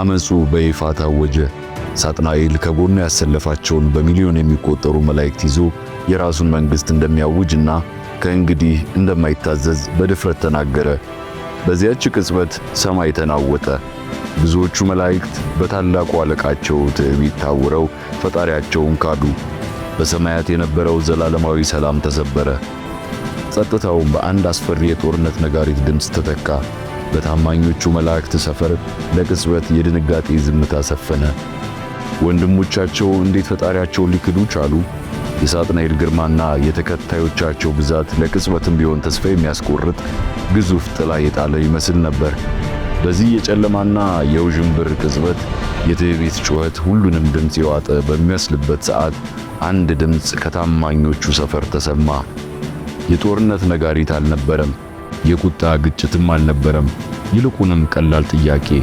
አመፁ በይፋ ታወጀ። ሳጥናኤል ከጎኑ ያሰለፋቸውን በሚሊዮን የሚቆጠሩ መላእክት ይዞ የራሱን መንግሥት እንደሚያውጅና ከእንግዲህ እንደማይታዘዝ በድፍረት ተናገረ። በዚያች ቅጽበት ሰማይ ተናወጠ። ብዙዎቹ መላእክት በታላቁ አለቃቸው ትዕቢት ታውረው ፈጣሪያቸውን ካዱ። በሰማያት የነበረው ዘላለማዊ ሰላም ተሰበረ። ጸጥታው በአንድ አስፈሪ የጦርነት ነጋሪት ድምፅ ተተካ። በታማኞቹ መላእክት ሰፈር ለቅጽበት የድንጋጤ ዝምታ ሰፈነ። ወንድሞቻቸው እንዴት ፈጣሪያቸውን ሊክዱ ቻሉ? የሳጥናኤል ግርማና የተከታዮቻቸው ብዛት ለቅጽበትም ቢሆን ተስፋ የሚያስቆርጥ ግዙፍ ጥላ የጣለ ይመስል ነበር። በዚህ የጨለማና የውዥንብር ቅጽበት የትዕቢት ጩኸት ሁሉንም ድምፅ የዋጠ በሚመስልበት ሰዓት አንድ ድምፅ ከታማኞቹ ሰፈር ተሰማ። የጦርነት ነጋሪት አልነበረም። የቁጣ ግጭትም አልነበረም፣ ይልቁንም ቀላል ጥያቄ።